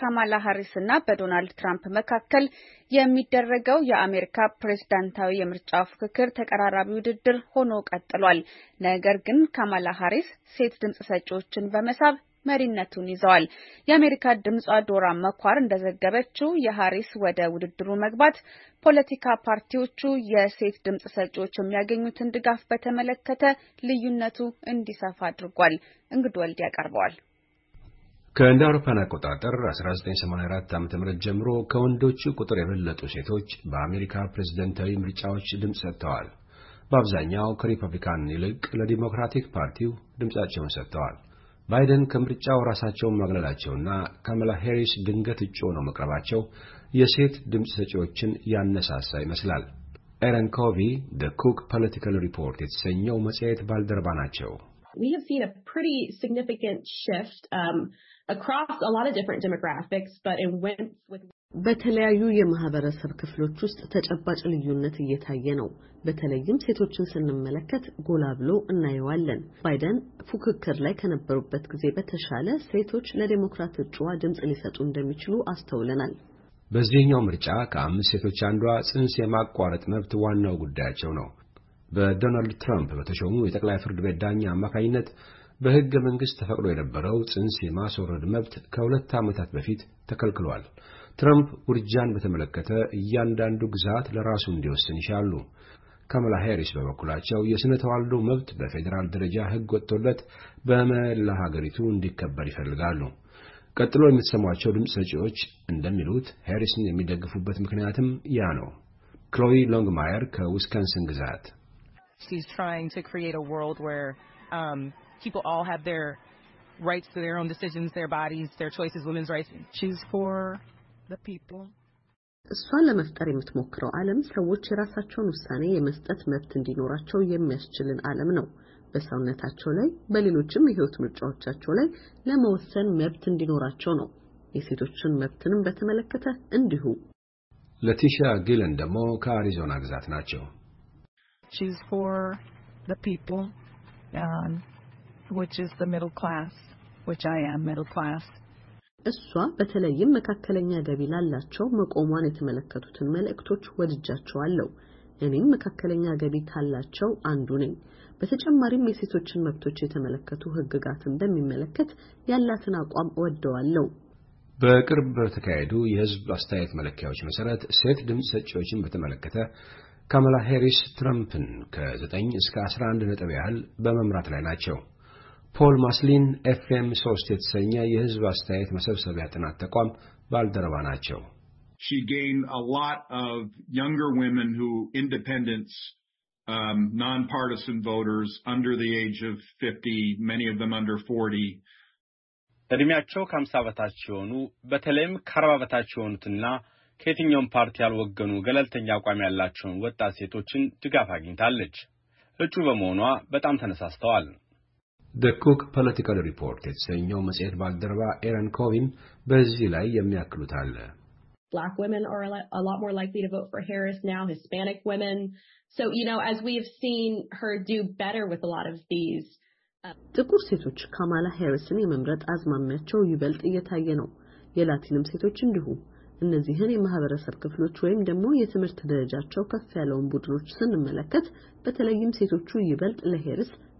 ካማላ ሀሪስ እና በዶናልድ ትራምፕ መካከል የሚደረገው የአሜሪካ ፕሬዝዳንታዊ የምርጫ ፉክክር ተቀራራቢ ውድድር ሆኖ ቀጥሏል። ነገር ግን ካማላ ሀሪስ ሴት ድምፅ ሰጪዎችን በመሳብ መሪነቱን ይዘዋል። የአሜሪካ ድምጿ ዶራ መኳር እንደዘገበችው የሀሪስ ወደ ውድድሩ መግባት ፖለቲካ ፓርቲዎቹ የሴት ድምፅ ሰጪዎች የሚያገኙትን ድጋፍ በተመለከተ ልዩነቱ እንዲሰፋ አድርጓል። እንግድ ወልድ ያቀርበዋል። ከእንደ አውሮፓን አቆጣጠር 1984 ዓ.ም ጀምሮ ከወንዶቹ ቁጥር የበለጡ ሴቶች በአሜሪካ ፕሬዝደንታዊ ምርጫዎች ድምፅ ሰጥተዋል። በአብዛኛው ከሪፐብሊካን ይልቅ ለዲሞክራቲክ ፓርቲው ድምፃቸውን ሰጥተዋል። ባይደን ከምርጫው ራሳቸውን ማግለላቸውና ካማላ ሄሪስ ድንገት እጩ ሆነው መቅረባቸው የሴት ድምፅ ሰጪዎችን ያነሳሳ ይመስላል። ኤረን ኮቪ ደ ኩክ ፖለቲካል ሪፖርት የተሰኘው መጽሔት ባልደረባ ናቸው። በተለያዩ የማህበረሰብ ክፍሎች ውስጥ ተጨባጭ ልዩነት እየታየ ነው። በተለይም ሴቶችን ስንመለከት ጎላ ብሎ እናየዋለን። ባይደን ፉክክር ላይ ከነበሩበት ጊዜ በተሻለ ሴቶች ለዴሞክራት እጩዋ ድምፅ ሊሰጡ እንደሚችሉ አስተውለናል። በዚህኛው ምርጫ ከአምስት ሴቶች አንዷ ጽንስ የማቋረጥ መብት ዋናው ጉዳያቸው ነው። በዶናልድ ትራምፕ በተሾሙ የጠቅላይ ፍርድ ቤት ዳኛ አማካኝነት በሕገ መንግሥት ተፈቅዶ የነበረው ጽንስ የማስወረድ መብት ከሁለት ዓመታት በፊት ተከልክሏል። ትረምፕ ውርጃን በተመለከተ እያንዳንዱ ግዛት ለራሱ እንዲወስን ይሻሉ። ካማላ ሄሪስ በበኩላቸው የሥነ ተዋልዶ መብት በፌዴራል ደረጃ ሕግ ወጥቶለት በመላ ሀገሪቱ እንዲከበር ይፈልጋሉ። ቀጥሎ የምትሰሟቸው ድምፅ ሰጪዎች እንደሚሉት ሄሪስን የሚደግፉበት ምክንያትም ያ ነው። ክሎይ ሎንግማየር ከዊስካንስን ግዛት people all have their rights to their own decisions, their bodies, their choices, women's rights. Choose for the people. እሷን ለመፍጠር የምትሞክረው ዓለም ሰዎች የራሳቸውን ውሳኔ የመስጠት መብት እንዲኖራቸው የሚያስችልን ዓለም ነው። በሰውነታቸው ላይ በሌሎችም የህይወት ምርጫዎቻቸው ላይ ለመወሰን መብት እንዲኖራቸው ነው። የሴቶችን መብትንም በተመለከተ እንዲሁ። ለቲሻ ጊለን ደግሞ ከአሪዞና ግዛት ናቸው። which is the middle class, which I am middle class. እሷ በተለይም መካከለኛ ገቢ ላላቸው መቆሟን የተመለከቱትን መልእክቶች ወድጃቸዋለሁ። እኔም መካከለኛ ገቢ ካላቸው አንዱ ነኝ። በተጨማሪም የሴቶችን መብቶች የተመለከቱ ሕግጋትን በሚመለከት ያላትን አቋም እወደዋለሁ። በቅርብ በተካሄዱ የሕዝብ አስተያየት መለኪያዎች መሰረት ሴት ድምፅ ሰጪዎችን በተመለከተ ካማላ ሄሪስ ትረምፕን ከ9 እስከ 11 ነጥብ ያህል በመምራት ላይ ናቸው። ፖል ማስሊን ኤፍኤም 3 የተሰኘ የህዝብ አስተያየት መሰብሰቢያ ጥናት ተቋም ባልደረባ ናቸው። እድሜያቸው ከአምሳ በታች የሆኑ በተለይም ከአርባ በታች የሆኑትና ከየትኛውም ፓርቲ ያልወገኑ ገለልተኛ አቋም ያላቸውን ወጣት ሴቶችን ድጋፍ አግኝታለች። እጩ በመሆኗ በጣም ተነሳስተዋል። ደ ኩክ ፖለቲካል ሪፖርት የተሰኘው መጽሔት ባልደረባ ኤረን ኮቪን በዚህ ላይ የሚያክሉት አለ። Black women are a lot more likely to vote for Harris now, Hispanic women. So, you know, as we have seen her do better with a lot of these. Uh, ጥቁር ሴቶች ካማላ ሄሪስን የመምረጥ አዝማሚያቸው ይበልጥ እየታየ ነው። የላቲንም ሴቶች እንዲሁ። እነዚህን የማህበረሰብ ክፍሎች ወይም ደግሞ የትምህርት ደረጃቸው ከፍ ያለውን ቡድኖች ስንመለከት በተለይም ሴቶቹ ይበልጥ ለሄርስ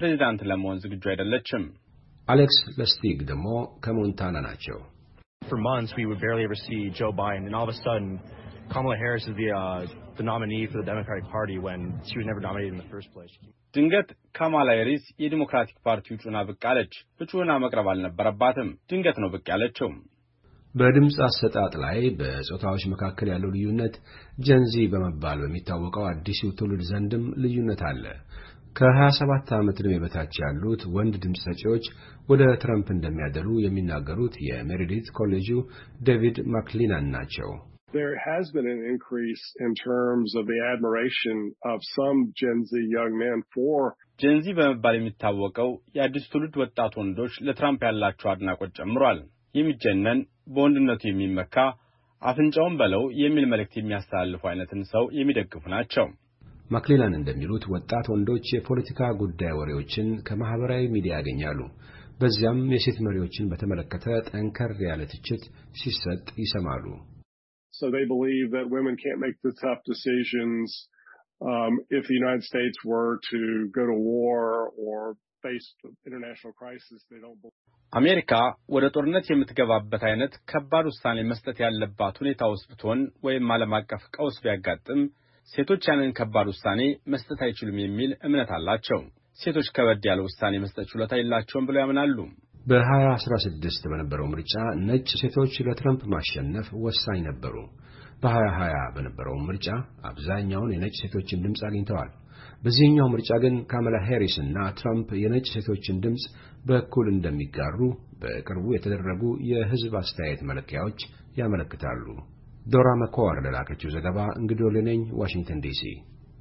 ፕሬዚዳንት ለመሆን ዝግጁ አይደለችም። አሌክስ ለስቲግ ደግሞ ከሞንታና ናቸው። uh, ድንገት ካማላ ሄሪስ የዲሞክራቲክ ፓርቲው እጩ ብቅ አለች። በጩና መቅረብ አልነበረባትም። ድንገት ነው ብቅ ያለችው። በድምፅ አሰጣጥ ላይ በጾታዎች መካከል ያለው ልዩነት ጀንዚ በመባል በሚታወቀው አዲሱ ትውልድ ዘንድም ልዩነት አለ። ከ27 ዓመት ዕድሜ በታች ያሉት ወንድ ድምፅ ሰጪዎች ወደ ትረምፕ እንደሚያደሉ የሚናገሩት የሜሪዲት ኮሌጁ ዴቪድ ማክሊናን ናቸው። ጀንዚ በመባል የሚታወቀው የአዲስ ትውልድ ወጣት ወንዶች ለትራምፕ ያላቸው አድናቆት ጨምሯል። የሚጀነን በወንድነቱ የሚመካ አፍንጫውን በለው የሚል መልእክት የሚያስተላልፉ አይነትን ሰው የሚደግፉ ናቸው። ማክሌላን እንደሚሉት ወጣት ወንዶች የፖለቲካ ጉዳይ ወሬዎችን ከማህበራዊ ሚዲያ ያገኛሉ። በዚያም የሴት መሪዎችን በተመለከተ ጠንከር ያለ ትችት ሲሰጥ ይሰማሉ። um, አሜሪካ ወደ ጦርነት የምትገባበት አይነት ከባድ ውሳኔ መስጠት ያለባት ሁኔታ ውስጥ ብትሆን ወይም ዓለም አቀፍ ቀውስ ቢያጋጥም ሴቶች ያንን ከባድ ውሳኔ መስጠት አይችሉም የሚል እምነት አላቸው። ሴቶች ከበድ ያለ ውሳኔ መስጠት ችሎታ የላቸውም ብለው ያምናሉ። በ2016 በነበረው ምርጫ ነጭ ሴቶች ለትረምፕ ማሸነፍ ወሳኝ ነበሩ። በ2020 በነበረው ምርጫ አብዛኛውን የነጭ ሴቶችን ድምፅ አግኝተዋል። በዚህኛው ምርጫ ግን ካመላ ሄሪስ እና ትራምፕ የነጭ ሴቶችን ድምፅ በእኩል እንደሚጋሩ በቅርቡ የተደረጉ የሕዝብ አስተያየት መለኪያዎች ያመለክታሉ። ዶራ መኮዋር ለላከችው ዘገባ እንግዲህ ወልነኝ ዋሽንግተን ዲሲ